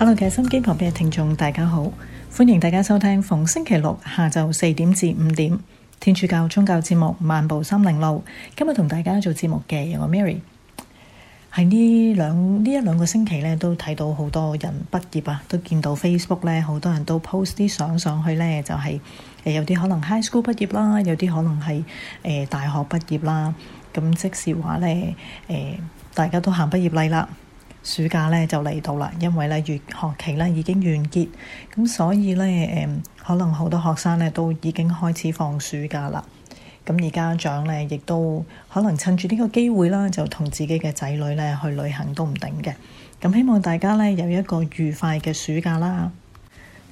hello，嘅心機旁邊嘅聽眾大家好，歡迎大家收聽逢星期六下晝四點至五點天主教宗教節目《漫步心靈路》。今日同大家做節目嘅有我 Mary，喺呢兩呢一兩個星期咧，都睇到好多人畢業啊，都見到 Facebook 咧，好多人都 post 啲相上去咧，就係、是、誒有啲可能 high school 畢業啦，有啲可能係誒、呃、大學畢業啦，咁即是話咧誒、呃，大家都行畢業禮啦。暑假咧就嚟到啦，因為咧月學期咧已經完結，咁所以咧誒，可能好多學生咧都已經開始放暑假啦。咁而家長咧亦都可能趁住呢個機會啦，就同自己嘅仔女咧去旅行都唔定嘅。咁希望大家咧有一個愉快嘅暑假啦。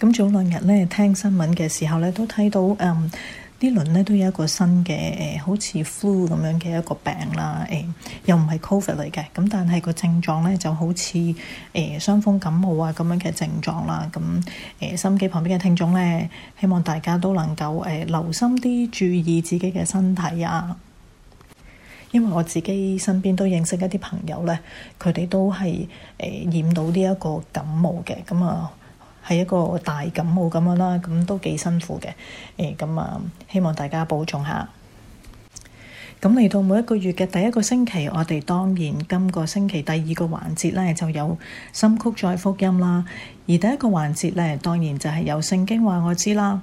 咁早兩日咧聽新聞嘅時候咧都睇到誒。這輪呢輪咧都有一個新嘅誒、呃，好似 flu 咁樣嘅一個病啦，誒、呃、又唔係 COVID 嚟嘅，咁但係個症狀咧就好似誒傷風感冒啊咁樣嘅症狀啦，咁誒、呃、心機旁邊嘅聽眾咧，希望大家都能夠誒、呃、留心啲，注意自己嘅身體啊，因為我自己身邊都認識一啲朋友咧，佢哋都係誒、呃、染到呢一個感冒嘅，咁啊～係一個大感冒咁樣啦，咁都幾辛苦嘅。誒，咁啊，希望大家保重下。咁嚟到每一個月嘅第一個星期，我哋當然今個星期第二個環節呢就有心曲載福音啦，而第一個環節呢，當然就係有聖經話我知啦。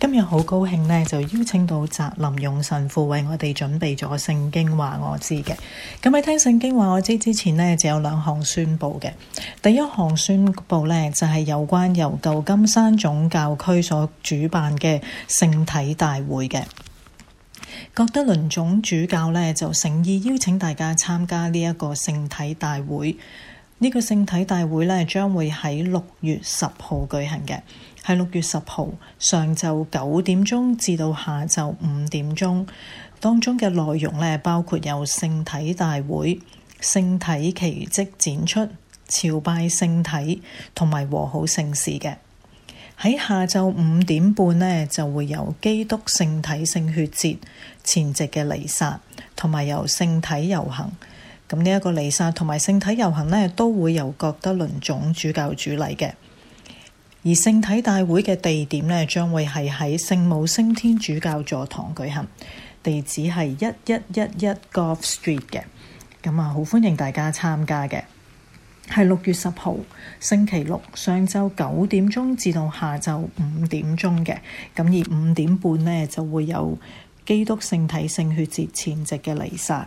今日好高興呢就邀請到澤林勇神父為我哋準備咗聖經話我知嘅。咁喺聽聖經話我知之前呢，就有兩項宣佈嘅。第一項宣佈呢，就係、是、有關由舊金山總教區所主辦嘅聖體大會嘅。郭德倫總主教呢，就誠意邀請大家參加呢一個聖體大會。呢、這個聖體大會呢，將會喺六月十號舉行嘅。喺六月十號上晝九點鐘至到下晝五點鐘，當中嘅內容呢，包括有聖體大會、聖體奇蹟展出、朝拜聖體同埋和好聖事嘅。喺下晝五點半呢，就會有基督聖體聖血節前夕嘅彌撒，同埋由聖體遊行。咁呢一個彌撒同埋聖體遊行呢，都會由郭德倫總主教主禮嘅。而聖體大會嘅地點呢，將會係喺聖母升天主教座堂舉行，地址係一一一一 Golf Street 嘅，咁啊，好歡迎大家參加嘅。係六月十號星期六上晝九點鐘至到下晝五點鐘嘅，咁而五點半呢，就會有基督聖體聖血節前夕嘅彌撒。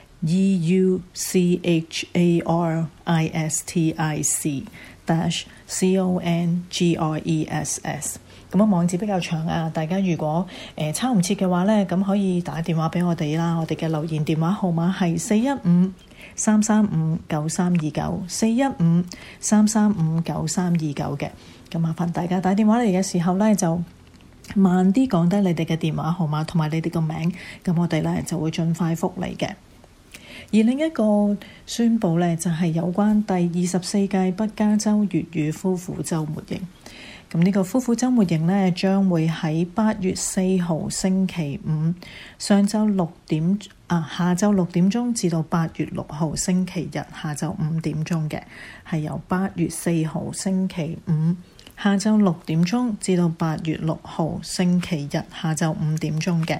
e u c h a r i s t i c dash c o n g r e s s 咁啊，網址比較長啊。大家如果誒抄唔切嘅話咧，咁可以打電話俾我哋啦。我哋嘅留言電話號碼係四一五三三五九三二九四一五三三五九三二九嘅。咁麻煩大家打電話嚟嘅時候呢，就慢啲講低你哋嘅電話號碼同埋你哋個名字，咁我哋咧就會盡快覆你嘅。而另一個宣佈咧，就係、是、有關第二十四屆北加州粵語夫婦周末營。咁呢個夫婦周末營咧，將會喺八月四號星期五上晝六點啊，下晝六點鐘至到八月六號星期日下晝五點鐘嘅，係由八月四號星期五下晝六點鐘至到八月六號星期日下晝五點鐘嘅。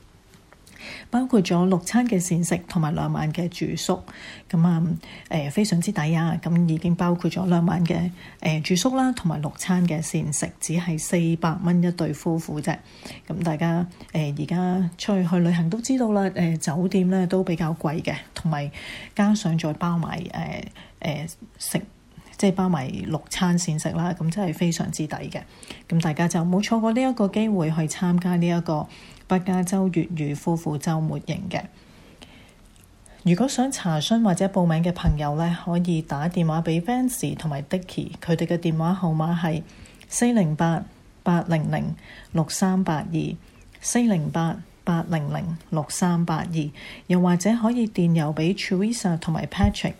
包括咗六餐嘅膳食同埋兩晚嘅住宿，咁啊誒非常之抵啊！咁已經包括咗兩晚嘅誒、呃、住宿啦，同埋六餐嘅膳食，只係四百蚊一對夫婦啫。咁大家誒而家出去去旅行都知道啦，誒、呃、酒店咧都比較貴嘅，同埋加上再包埋誒誒食，即係包埋六餐膳食啦，咁真係非常之抵嘅。咁大家就冇錯過呢一個機會去參加呢、這、一個。北加州粵語夫婦周末型嘅，如果想查詢或者報名嘅朋友呢，可以打電話俾 Vans 同埋 Dicky，佢哋嘅電話號碼係四零八八零零六三八二四零八八零零六三八二，又或者可以電郵俾 Tricia 同埋 Patrick，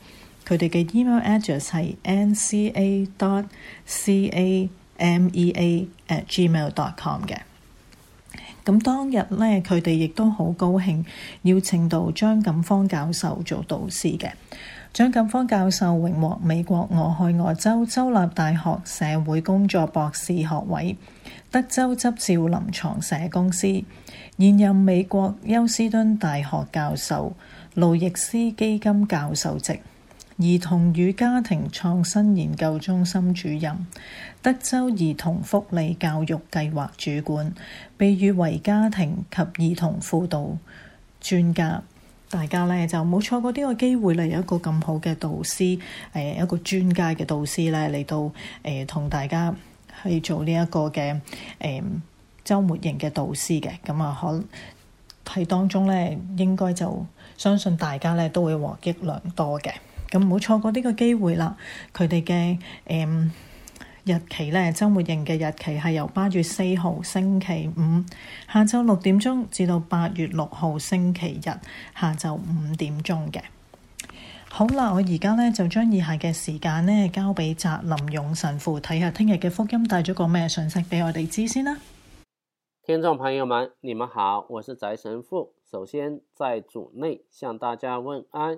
佢哋嘅 email address 係 nca dot c a m e a at gmail dot com 嘅。咁當日呢，佢哋亦都好高興邀請到張錦芳教授做導師嘅。張錦芳教授榮獲美國俄亥俄州州立大學社會工作博士學位，德州執照臨床社公司，現任美國休斯敦大學教授路易斯基金教授席。兒童與家庭創新研究中心主任、德州兒童福利教育計劃主管，被譽為家庭及兒童輔導專家。大家呢就冇錯過呢個機會啦，有一個咁好嘅導師，誒一個專家嘅導師呢嚟到誒同、呃、大家去做呢一個嘅誒、呃、週末營嘅導師嘅。咁啊，喺當中呢，應該就相信大家呢都會獲益良多嘅。咁唔好錯過呢個機會啦！佢哋嘅誒日期咧，周末營嘅日期係由八月四號星期五下晝六點鐘至到八月六號星期日下晝五點鐘嘅。好啦，我而家咧就將以下嘅時間咧交俾翟林勇神父睇下，聽日嘅福音帶咗個咩信息俾我哋知先啦。聽眾朋友們，你們好，我是翟神父。首先在主內向大家問安。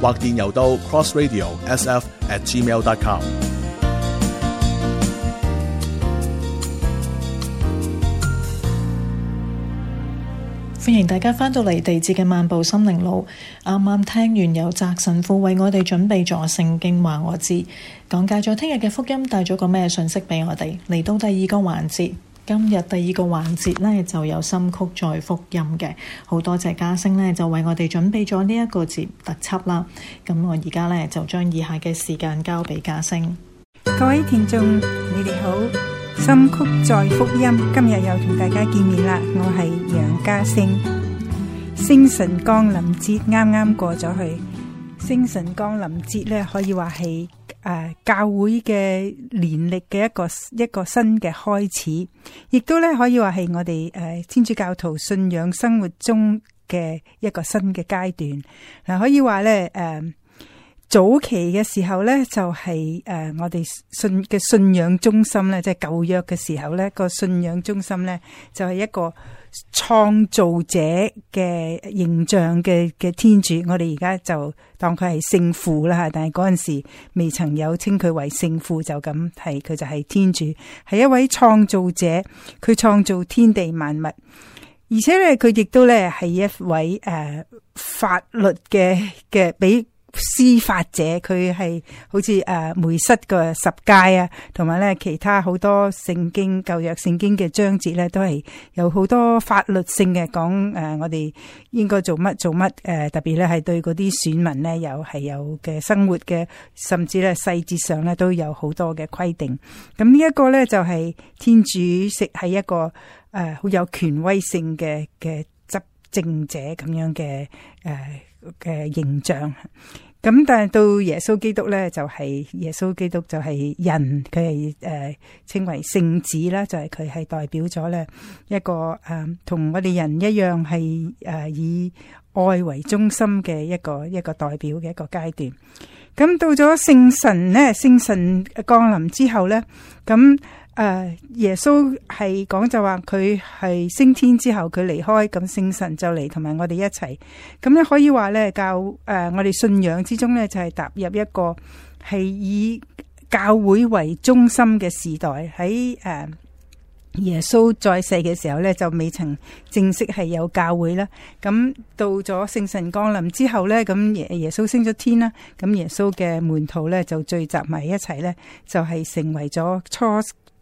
或電郵到 crossradio_sf@gmail.com At。歡迎大家返到嚟地節嘅漫步心靈路。啱啱聽完有澤神父為我哋準備咗聖經話我知，講解咗聽日嘅福音帶咗個咩信息俾我哋，嚟到第二個環節。今日第二個環節呢，就有心曲載福音嘅，好多謝嘉星呢就為我哋準備咗呢一個節特輯啦。咁我而家呢，就將以下嘅時間交俾嘉星。各位聽眾，你哋好，心曲載福音，今日又同大家見面啦。我係楊嘉星，聖神降臨節啱啱過咗去，聖神降臨節呢，可以話係。誒，教會嘅年曆嘅一個一個新嘅開始，亦都咧可以話係我哋誒天主教徒信仰生活中嘅一個新嘅階段。嗱，可以話咧，誒，早期嘅時候咧就係誒我哋信嘅信仰中心咧，即係舊約嘅時候咧個信仰中心咧就係一個。創造者嘅形象嘅嘅天主，我哋而家就當佢係聖父啦吓，但係嗰陣時未曾有稱佢為聖父，就咁係佢就係天主，係一位創造者，佢創造天地萬物，而且咧佢亦都咧係一位誒法律嘅嘅俾。司法者佢係好似誒梅瑟嘅十誡啊，同埋咧其他好多聖經舊約聖經嘅章節咧，都係有好多法律性嘅講誒，我哋應該做乜做乜誒、啊，特別咧係對嗰啲選民呢，有係有嘅生活嘅，甚至咧細節上咧都有好多嘅規定。咁呢一個咧就係、是、天主食係一個誒好、啊、有權威性嘅嘅執政者咁樣嘅誒。啊嘅形象，咁但係到耶穌基督呢，就係耶穌基督就係人，佢係誒稱為聖子啦，就係佢係代表咗呢一個誒同我哋人一樣係誒以愛為中心嘅一個一個代表嘅一個階段。咁到咗聖神呢，聖神降臨之後呢，咁。誒，耶穌係講就話佢係升天之後佢離開，咁聖神就嚟，同埋我哋一齊。咁咧可以話咧教，誒，我哋信仰之中咧就係踏入一個係以教會為中心嘅時代。喺誒耶穌在世嘅時候咧就未曾正式係有教會啦。咁到咗聖神降臨之後咧，咁耶耶穌升咗天啦，咁耶穌嘅門徒咧就聚集埋一齊咧，就係成為咗初。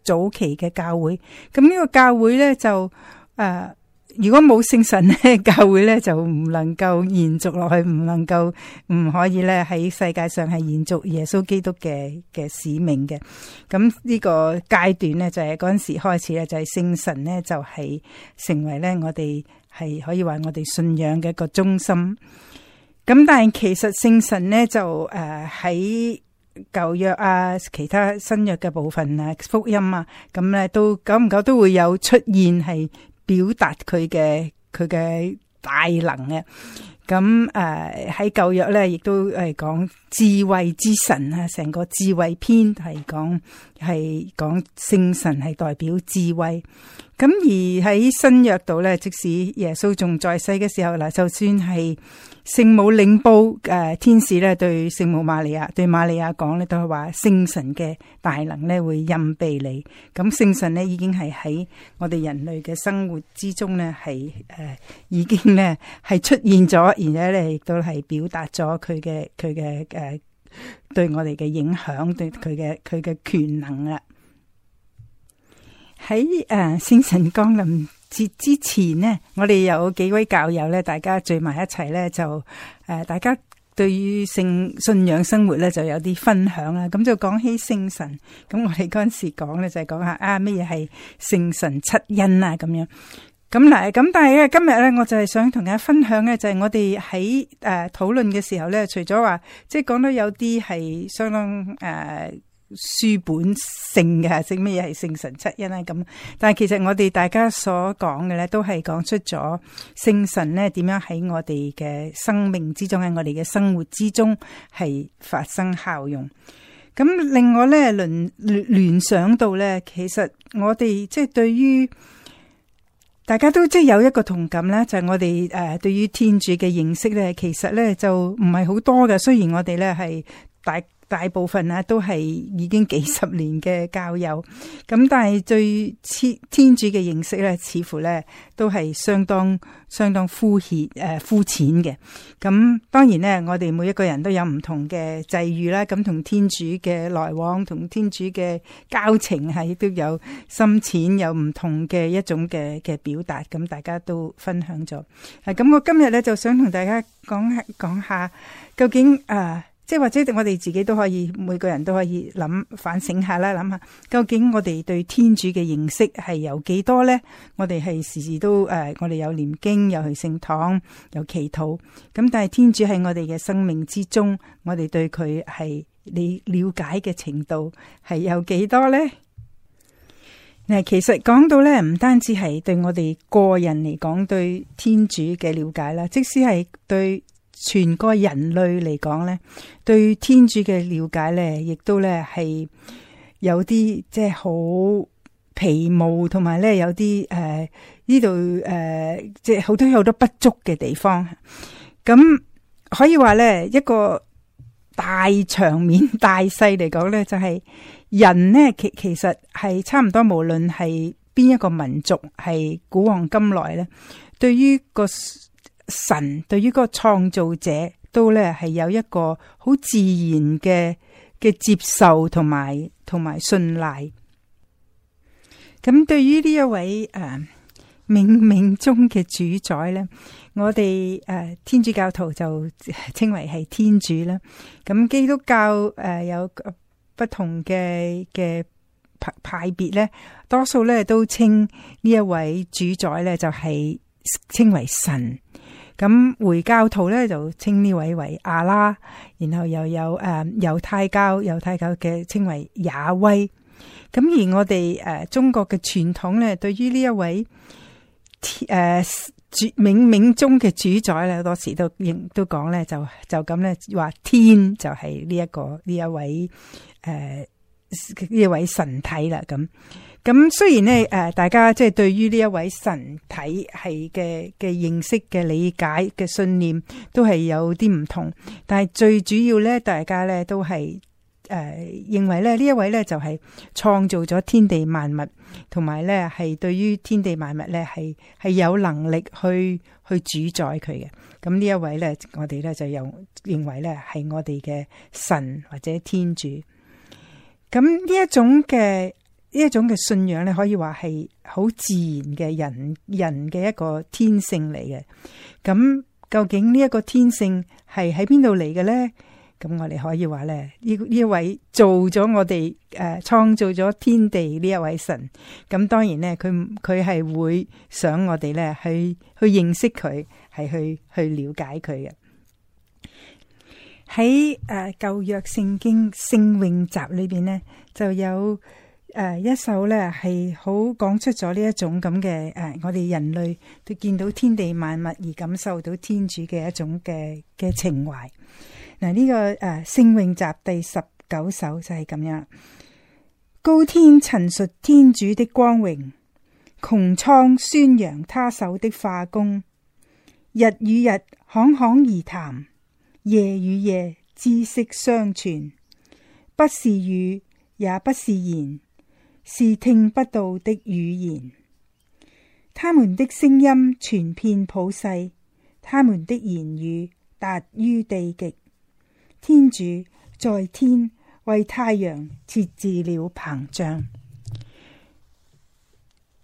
早期嘅教會，咁呢個教會咧就誒，如果冇聖神咧，教會咧就唔能夠延續落去，唔能夠唔可以咧喺世界上係延續耶穌基督嘅嘅使命嘅。咁呢個階段咧就係嗰陣時開始咧就係聖神咧就係成為咧我哋係可以話我哋信仰嘅一個中心。咁但係其實聖神咧就誒喺。舊約啊，其他新約嘅部分啊，福音啊，咁咧都久唔久都會有出現，係表達佢嘅佢嘅大能嘅。咁誒喺舊約咧，亦都係講智慧之神啊，成個智慧篇係講。係講聖神係代表智慧，咁而喺新約度咧，即使耶穌仲在世嘅時候嗱，就算係聖母領報誒，天使咧對聖母瑪利亞對瑪利亞講咧，都係話聖神嘅大能咧會印庇你，咁聖神呢已經係喺我哋人類嘅生活之中呢係誒，已經呢係出現咗，而且咧亦都係表達咗佢嘅佢嘅誒。對我哋嘅影響，對佢嘅佢嘅權能啊，喺誒聖神降臨節之前呢，我哋有幾位教友咧，大家聚埋一齊咧，就誒、呃、大家對於信仰生活咧就有啲分享啦，咁就講起聖神，咁我哋嗰陣時呢、就是、講咧就係講下啊咩嘢係聖神七恩啊咁樣。咁咁但係今日咧，我就係想同大家分享嘅，就係、是、我哋喺誒討論嘅時候咧，除咗話即係講到有啲係相當誒、呃、書本性嘅，即乜咩嘢係聖神七恩咧咁。但係其實我哋大家所講嘅咧，都係講出咗聖神咧點樣喺我哋嘅生命之中，喺我哋嘅生活之中係發生效用。咁另外咧聯聯想到咧，其實我哋即係對於。大家都即係有一個同感咧，就係我哋誒對於天主嘅認識咧，其實咧就唔係好多嘅。雖然我哋咧係大。大部分啊都係已經幾十年嘅教友，咁但係對天主嘅認識咧，似乎咧都係相當相當膚、啊、淺誒，膚淺嘅。咁當然咧，我哋每一個人都有唔同嘅際遇啦，咁同天主嘅來往，同天主嘅交情係亦都有深淺，有唔同嘅一種嘅嘅表達。咁大家都分享咗。咁我今日咧就想同大家講講下，究竟誒。啊即係或者我哋自己都可以，每個人都可以諗反省下啦，諗下究竟我哋對天主嘅認識係有幾多咧？我哋係時時都誒，我哋有念經，又去聖堂，有祈禱。咁但係天主喺我哋嘅生命之中，我哋對佢係你了解嘅程度係有幾多咧？嗱，其實講到咧，唔單止係對我哋個人嚟講對天主嘅了解啦，即使係對。全個人類嚟講咧，對天主嘅了解咧，亦都咧係有啲即係好皮毛，同埋咧有啲誒呢度誒，即係好多好多不足嘅地方。咁可以話咧，一個大場面大勢嚟講咧，就係人呢，其其實係差唔多，無論係邊一個民族，係古往今來咧，對於個。神對於個創造者都咧係有一個好自然嘅嘅接受同埋同埋信賴。咁對於呢一位誒冥冥中嘅主宰咧，我哋誒、啊、天主教徒就稱為係天主啦。咁基督教誒有不同嘅嘅派派別咧，多數咧都稱呢一位主宰咧就係、是、稱為神。咁回教徒咧就稱呢位為阿拉，然後又有誒猶、呃、太教猶太教嘅稱為亞威，咁而我哋誒、呃、中國嘅傳統咧，對於呢一位天誒冥冥中嘅主宰咧，好多時都亦都講咧，就就咁咧話天就係呢一個呢一位誒呢一位神體啦咁。咁雖然咧，誒，大家即係對於呢一位神體係嘅嘅認識嘅理解嘅信念，都係有啲唔同。但係最主要咧，大家咧都係誒認為咧呢一位咧就係創造咗天地萬物，同埋咧係對於天地萬物咧係係有能力去去主宰佢嘅。咁呢一位咧，我哋咧就又認為咧係我哋嘅神或者天主。咁呢一種嘅。呢一種嘅信仰咧，可以話係好自然嘅人人嘅一個天性嚟嘅。咁究竟呢一個天性係喺邊度嚟嘅咧？咁我哋可以話咧，呢呢一位做咗我哋誒創造咗天地呢一位神，咁當然咧，佢佢係會想我哋咧去去認識佢，係去去了解佢嘅。喺誒舊約聖經聖詠集裏邊呢，就有。誒、uh，一首呢係好講出咗呢一種咁嘅誒，uh, 我哋人類都見到天地萬物而感受到天主嘅一種嘅嘅情懷。嗱、這個，呢個誒聖詠集第十九首就係咁樣，mm -hmm. 高天陳述天主的光榮，穹蒼宣揚他手的化工，日與日侃侃而談，夜與夜知識相傳，不是語，也不是言。是聽不到的語言，他們的聲音傳遍普世，他們的言語達於地極。天主在天為太陽設置了膨脹。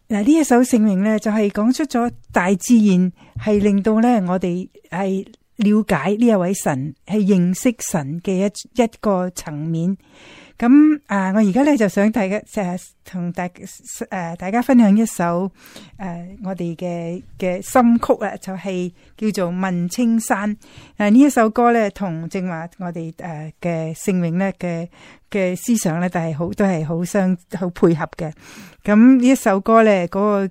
嗱，呢一首聖名呢，就係、是、講出咗大自然係令到呢我哋係了解呢一位神，係認識神嘅一一個層面。咁、嗯、啊！我而家咧就想大家同大誒、啊，大家分享一首誒、啊，我哋嘅嘅心曲啊，就係、是、叫做《問青山》。誒、啊，呢一首歌咧，同正話我哋誒嘅姓名咧嘅嘅思想咧，就係好都係好相好配合嘅。咁、嗯、呢、嗯嗯、一首歌咧，嗰、那個。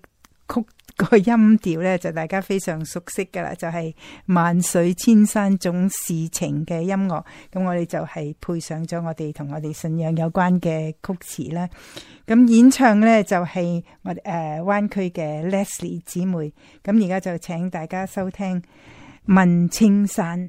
那個音調咧，就大家非常熟悉噶啦，就係、是、萬水千山總是情嘅音樂。咁我哋就係配上咗我哋同我哋信仰有關嘅曲詞啦。咁演唱咧就係、是、我哋誒灣區、啊、嘅 Leslie 姊妹。咁而家就請大家收聽《問青山》。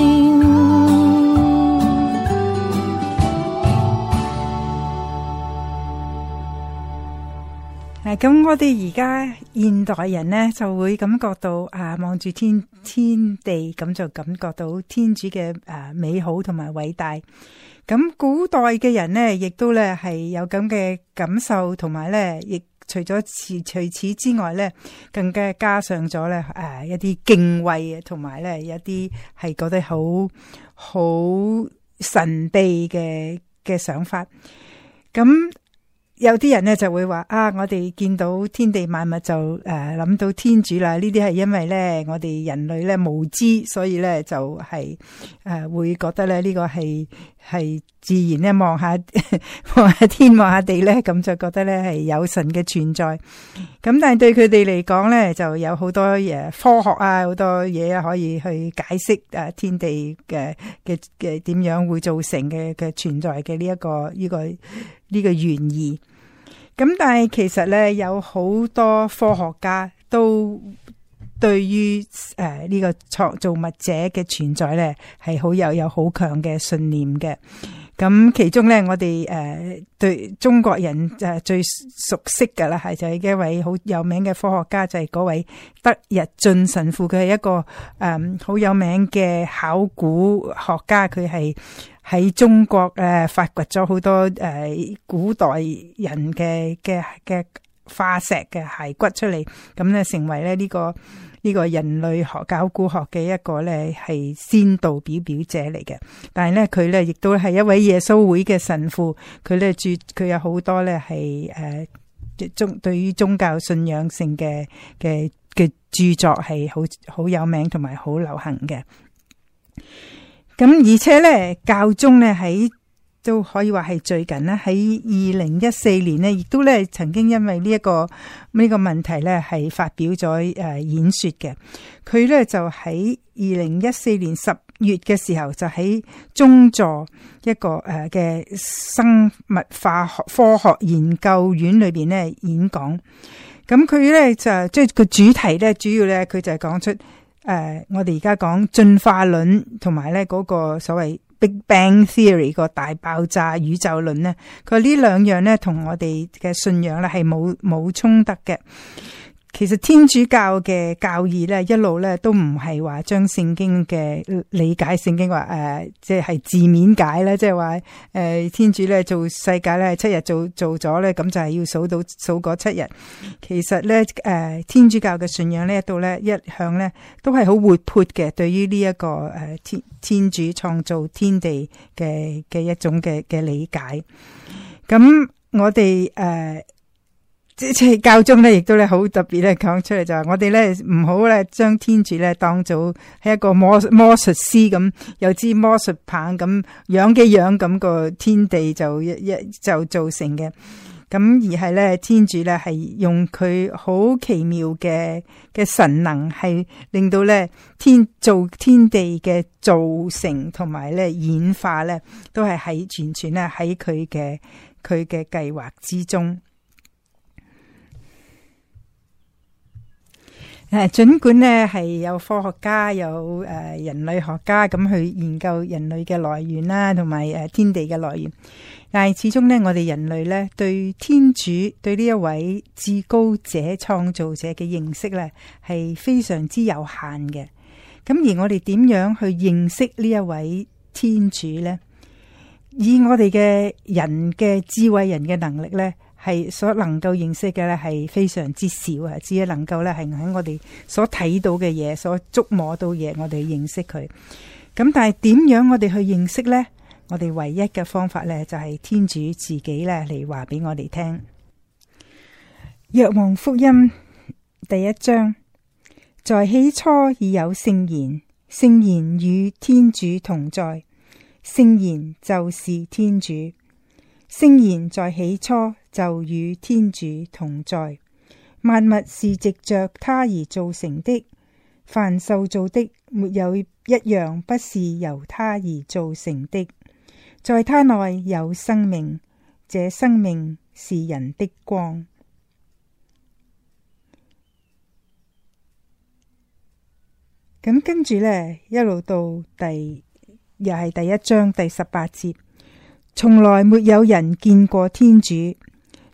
咁我哋而家現代人咧，就會感覺到啊，望住天天地，咁就感覺到天主嘅，誒、啊、美好同埋偉大。咁古代嘅人咧，亦都咧係有咁嘅感受，同埋咧，亦除咗此除此之外咧，更加加上咗咧誒一啲敬畏同埋咧一啲係覺得好好神秘嘅嘅想法。咁有啲人咧就會話啊，我哋見到天地萬物就誒諗到天主啦。呢啲係因為咧我哋人類咧無知，所以咧就係誒會覺得咧呢個係係自然咧，望下望下天望下地咧，咁就覺得咧係有神嘅存在。咁但係對佢哋嚟講咧，就有好多嘢科學啊，好多嘢啊可以去解釋誒天地嘅嘅嘅點樣會造成嘅嘅存在嘅呢一個呢、呢個呢、呢個呢個原意。咁但係其實咧，有好多科學家都對於誒呢、呃呢個創造物者嘅存在咧，係好有有好強嘅信念嘅。咁、嗯、其中咧，我哋誒、呃、對中國人誒、呃、最熟悉嘅啦，係就係一位好有名嘅科學家，就係、係、嗰位德日進神父，佢係一個誒好、呃、有名嘅考古學家，佢係。喺中國誒，發掘咗好多誒古代人嘅嘅嘅化石嘅骸骨出嚟，咁咧成為咧呢個呢個人類學考古學嘅一個咧係先導表表者嚟嘅。但係咧佢咧亦都係一位耶穌會嘅神父，佢咧著佢有好多咧係誒宗對於宗教信仰性嘅嘅嘅著作係好好有名同埋好流行嘅。咁而且咧，教宗咧喺都可以話係最近呢，喺二零一四年呢，亦都咧曾經因為呢一個呢個問題咧，係發表咗誒演說嘅。佢咧就喺二零一四年十月嘅時候，就喺宗座一個誒嘅生物化學科學研究院裏邊咧演講。咁佢咧就即係個主題咧，主要咧佢就係講出。誒、呃，我哋而家講進化論，同埋咧嗰個所謂 Big Bang Theory 個大爆炸宇宙論咧，佢呢兩樣咧同我哋嘅信仰咧係冇冇衝突嘅。其實天主教嘅教義咧，一路咧都唔係話將聖經嘅理解聖經話誒、呃，即係字面解咧，即係話誒天主咧做世界咧七日做做咗咧，咁就係要數到數過七日。其實咧誒、呃，天主教嘅信仰呢一度咧一向咧都係好活潑嘅，對於呢、這、一個誒、呃、天天主創造天地嘅嘅一種嘅嘅理解。咁我哋誒。呃即係教宗咧，亦都咧好特別咧講出嚟就話，我哋咧唔好咧將天主咧當做係一個魔魔術師咁，有支魔術棒咁，樣嘅樣咁個天地就一一就造成嘅，咁而係咧天主咧係用佢好奇妙嘅嘅神能，係令到咧天做天地嘅造成同埋咧演化咧，都係喺完全咧喺佢嘅佢嘅計劃之中。誒，儘管呢係有科學家有誒人類學家咁去研究人類嘅來源啦，同埋誒天地嘅來源，但係始終呢，我哋人類呢對天主對呢一位至高者創造者嘅認識呢係非常之有限嘅。咁而我哋點樣去認識呢一位天主呢？以我哋嘅人嘅智慧人嘅能力呢，係所能夠認識嘅呢，係非常之少啊！只能夠呢，係喺我哋所睇到嘅嘢，所觸摸到嘢，我哋認識佢。咁但係點樣我哋去認識呢？我哋唯一嘅方法呢，就係天主自己呢嚟話俾我哋聽。《若望福音》第一章，在起初已有聖言，聖言與天主同在，聖言就是天主，聖言在起初就與天主同在，萬物是藉着他而造成的，凡受造的，沒有一樣不是由他而造成的。在他內有生命，這生命是人的光。咁跟住呢，一路到第，又係第一章第十八節，從來沒有人見過天主。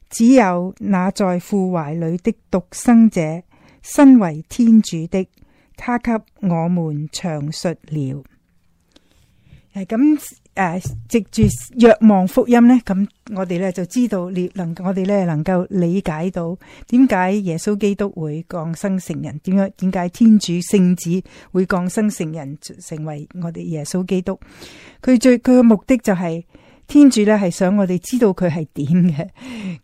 只有那在父懷裏的獨生者，身為天主的，他給我們詳述了。係咁，誒、啊，藉住若望福音呢，咁我哋呢就知道我哋能我哋，能我哋呢能夠理解到，點解耶穌基督會降生成人？點解？點解天主聖子會降生成人，成為我哋耶穌基督？佢最佢嘅目的就係、是。天主咧係想我哋知道佢係點嘅，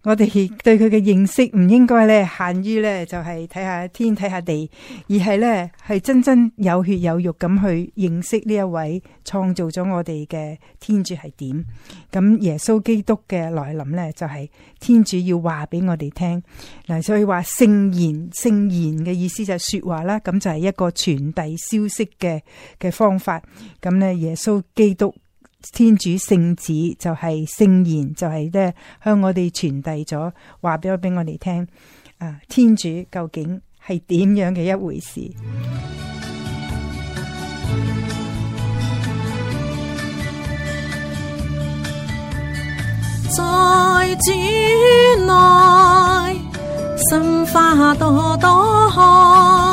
我哋對佢嘅認識唔應該咧限於咧就係睇下天睇下地，而係咧係真真有血有肉咁去認識呢一位創造咗我哋嘅天主係點。咁耶穌基督嘅來臨咧就係天主要話俾我哋聽嗱，所以話聖言聖言嘅意思就係說話啦，咁就係一個傳遞消息嘅嘅方法。咁咧耶穌基督。天主聖子就係、是、聖言，就係、是、咧向我哋傳遞咗話咗俾我哋聽，啊！天主究竟係點樣嘅一回事？在主內，心花朵朵開。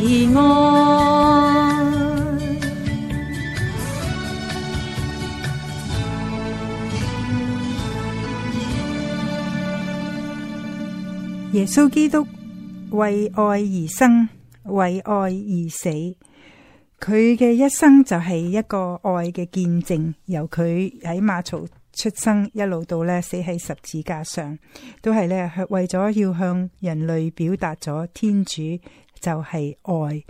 耶穌基督為愛而生，為愛而死。佢嘅一生就係一個愛嘅見證，由佢喺馬槽出生，一路到咧死喺十字架上，都係咧為咗要向人類表達咗天主就係愛。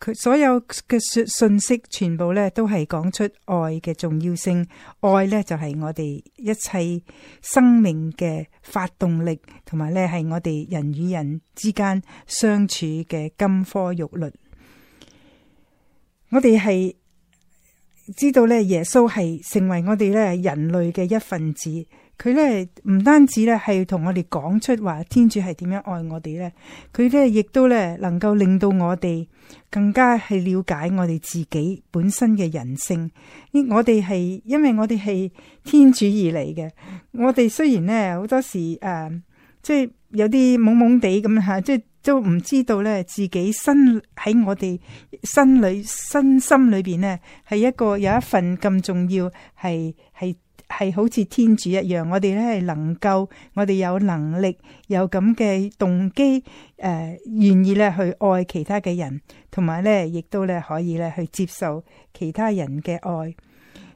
佢所有嘅信息全部咧都係講出愛嘅重要性，愛咧就係我哋一切生命嘅發動力，同埋咧係我哋人與人之間相處嘅金科玉律。我哋係知道咧，耶穌係成為我哋咧人類嘅一份子。佢咧唔單止咧係同我哋講出話天主係點樣愛我哋咧，佢咧亦都咧能夠令到我哋更加係了解我哋自己本身嘅人性。我哋係因為我哋係天主而嚟嘅，我哋雖然咧好多時誒，即、呃、係有啲懵懵地咁吓，即係都唔知道咧自己身喺我哋身裏、身心裏邊咧係一個有一份咁重要，係係。係好似天主一樣，我哋咧係能夠，我哋有能力，有咁嘅動機，誒、呃，願意咧去愛其他嘅人，同埋咧，亦都咧可以咧去接受其他人嘅愛。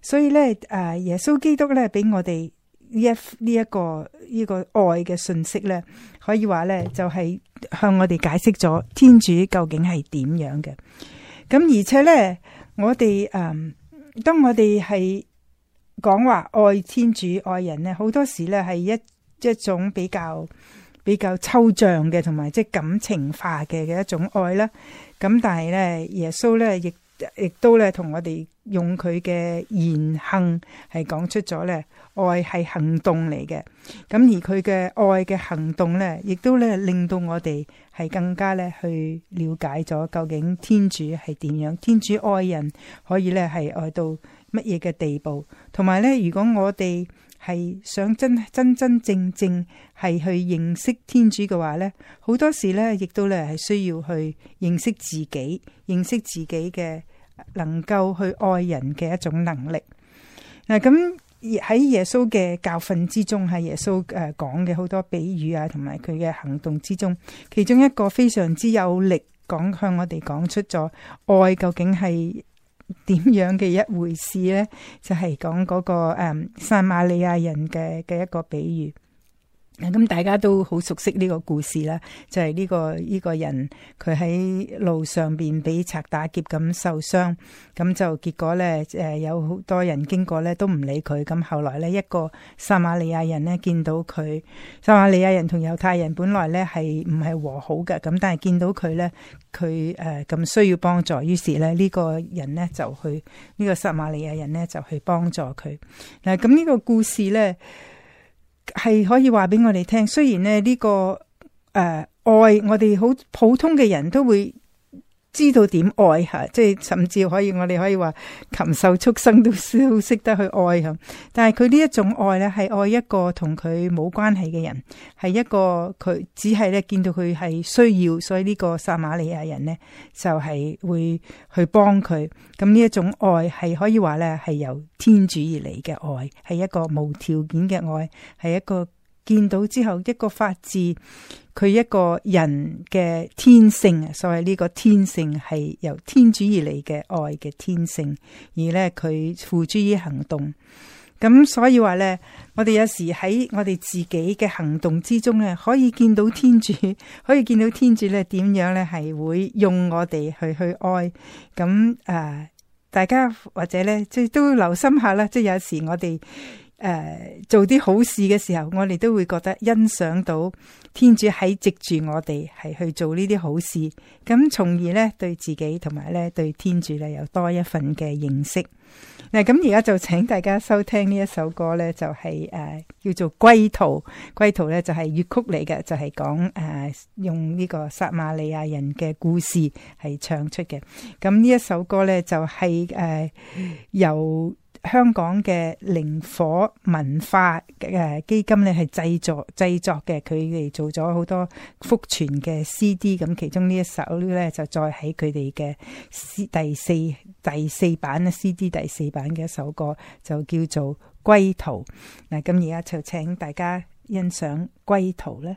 所以咧，誒，耶穌基督咧俾我哋一呢一個呢、呢個愛嘅信息咧，可以話咧就係向我哋解釋咗天主究竟係點樣嘅。咁而且咧，我哋誒，當我哋係。講話愛天主愛人咧，好多時咧係一一種比較比較抽象嘅，同埋即係感情化嘅嘅一種愛啦。咁但係咧，耶穌咧亦亦都咧同我哋用佢嘅言行係講出咗咧，愛係行動嚟嘅。咁而佢嘅愛嘅行動咧，亦都咧令到我哋係更加咧去了解咗究竟天主係點樣，天主愛人可以咧係愛到。乜嘢嘅地步？同埋呢？如果我哋係想真真真正正係去認識天主嘅話呢，好多時呢，亦都咧，係需要去認識自己，認識自己嘅能夠去愛人嘅一種能力。嗱、啊，咁喺耶穌嘅教訓之中，喺耶穌誒講嘅好多比喻啊，同埋佢嘅行動之中，其中一個非常之有力講，向我哋講出咗愛究竟係點樣嘅一回事咧，就係講嗰個誒，撒瑪利亞人嘅嘅一個比喻。咁大家都好熟悉呢個故事啦，就係呢個呢個人佢喺路上邊俾賊打劫咁受傷，咁就結果呢，誒有好多人經過呢都唔理佢，咁後來呢，一個撒瑪利亞人呢見到佢，撒瑪利亞人同猶太人本來呢係唔係和好嘅，咁但係見到佢呢，佢誒咁需要幫助，於是呢，呢個人呢就去呢個撒瑪利亞人呢就去幫助佢嗱，咁呢個故事呢。係可以話俾我哋聽，雖然咧、這、呢個誒、呃、愛，我哋好普通嘅人都會。知道點愛吓，即係甚至可以我哋可以話禽獸畜生都識得去愛，但係佢呢一種愛咧，係愛一個同佢冇關係嘅人，係一個佢只係咧見到佢係需要，所以呢個撒瑪利亞人咧就係會去幫佢。咁呢一種愛係可以話咧係由天主而嚟嘅愛，係一個無條件嘅愛，係一個。見到之後，一個法字，佢一個人嘅天性，所謂呢個天性係由天主而嚟嘅愛嘅天性，而咧佢付諸於行動。咁所以話咧，我哋有時喺我哋自己嘅行動之中咧，可以見到天主，可以見到天主咧點樣咧係會用我哋去去愛。咁誒、呃，大家或者咧即係都留心下啦，即係有時我哋。誒、呃，做啲好事嘅時候，我哋都會覺得欣賞到天主喺藉住我哋係去做呢啲好事，咁從而呢，對自己同埋呢對天主呢，有多一份嘅認識。嗱，咁而家就請大家收聽呢一首歌呢就係、是、誒、呃、叫做《歸途》，歸途呢就係粵曲嚟嘅，就係、是、講誒、呃、用呢個撒瑪利亞人嘅故事係唱出嘅。咁呢一首歌呢、就是，就係誒由。香港嘅靈火文化誒基金咧，係製作製作嘅。佢哋做咗好多福傳嘅 CD，咁其中呢一首咧，就再喺佢哋嘅第四第四版咧 CD 第四版嘅一首歌就叫做《歸途》。嗱，咁而家就請大家欣賞《歸途》咧。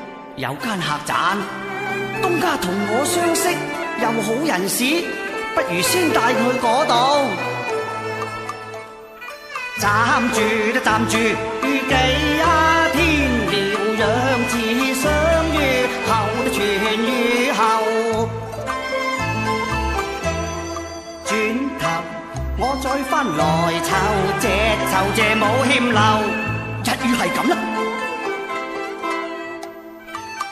有間客棧，東家同我相識，又好人士，不如先帶佢去嗰度。站住都站住預計啊天，了讓自相約，後傳於後。轉頭我再翻來酬謝，酬謝冇欠漏。一語係咁啦。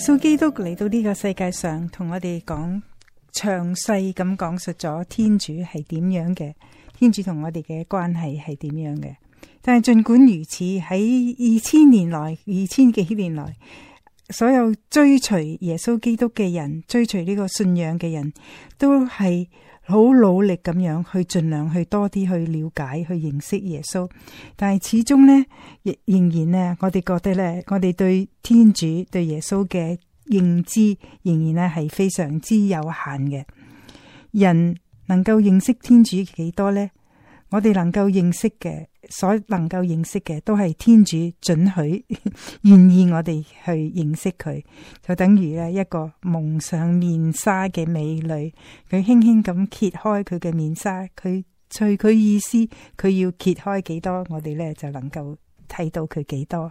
耶穌基督嚟到呢個世界上，同我哋講詳細咁講述咗天主係點樣嘅，天主同我哋嘅關係係點樣嘅。但係儘管如此，喺二千年來、二千幾年來，所有追隨耶穌基督嘅人、追隨呢個信仰嘅人，都係。好努力咁樣去盡量去多啲去了解去認識耶穌，但係始終咧，亦仍然咧，我哋覺得咧，我哋對天主對耶穌嘅認知仍然咧係非常之有限嘅。人能夠認識天主幾多咧？我哋能夠認識嘅。所能夠認識嘅，都係天主準許願意我哋去認識佢，就等於咧一個蒙上面紗嘅美女，佢輕輕咁揭開佢嘅面紗，佢隨佢意思，佢要揭開幾多，我哋呢就能夠睇到佢幾多。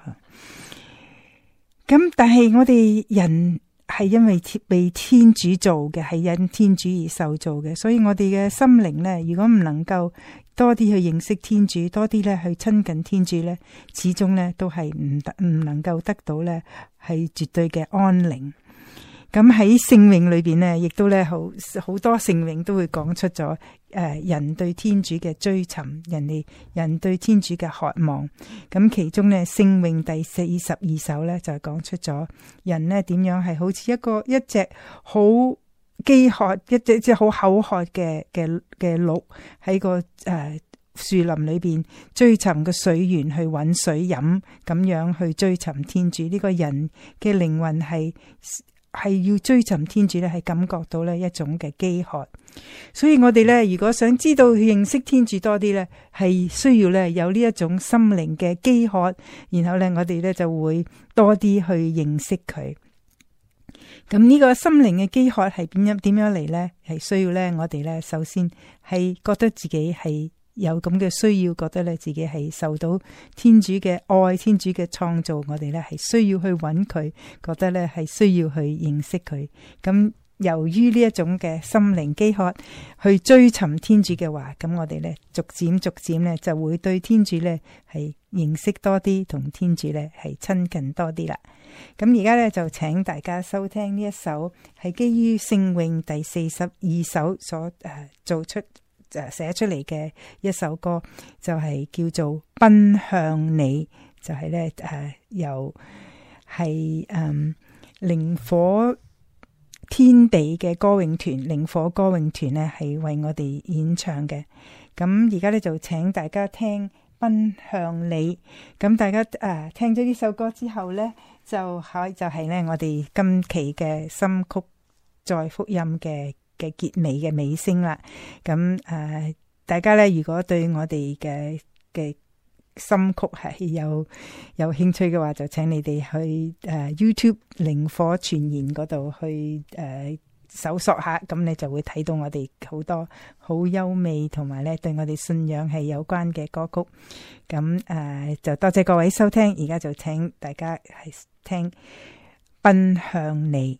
咁但係我哋人係因為被天主做嘅，係因天主而受造嘅，所以我哋嘅心靈呢，如果唔能夠。多啲去認識天主，多啲咧去親近天主咧，始終咧都係唔得，唔能夠得到咧，係絕對嘅安寧。咁喺聖詠裏邊咧，亦都咧好好多聖詠都會講出咗，誒人對天主嘅追尋，人哋人對天主嘅渴望。咁其中咧聖詠第四十二首咧就係講出咗人咧點樣係好似一個一隻好。饑渴，一隻一隻好口渴嘅嘅嘅鹿喺個誒樹、呃、林裏邊追尋個水源去搵水飲，咁樣去追尋天、這個、天主呢個人嘅靈魂係係要追尋天主咧，係感覺到呢一種嘅饑渴，所以我哋咧如果想知道認識天主多啲咧，係需要咧有呢一種心靈嘅饑渴，然後咧我哋咧就會多啲去認識佢。咁呢個心靈嘅飢渴係點樣點樣嚟呢？係需要呢。我哋呢，首先係覺得自己係有咁嘅需要，覺得呢自己係受到天主嘅愛，天主嘅創造，我哋呢係需要去揾佢，覺得呢係需要去認識佢。咁由於呢一種嘅心靈飢渴去追尋天主嘅話，咁我哋呢逐漸逐漸呢就會對天主呢係認識多啲，同天主呢係親近多啲啦。咁而家咧就請大家收聽呢一首係基於聖詠第四十二首所誒做出誒寫出嚟嘅一首歌，就係叫做奔向你。就係咧誒由係誒靈火天地嘅歌詠團，靈火歌詠團咧係為我哋演唱嘅。咁而家咧就請大家聽奔向你。咁大家誒聽咗呢首歌之後咧。就可以就係咧，我哋今期嘅心曲再福音嘅嘅結尾嘅尾聲啦。咁誒、呃，大家咧如果對我哋嘅嘅心曲係有有興趣嘅話，就請你哋去誒、呃、YouTube 靈火傳言嗰度去誒。呃搜索下，咁你就會睇到我哋好多好優美同埋咧，對我哋信仰係有關嘅歌曲。咁誒，就多謝各位收聽，而家就請大家係聽《奔向你》。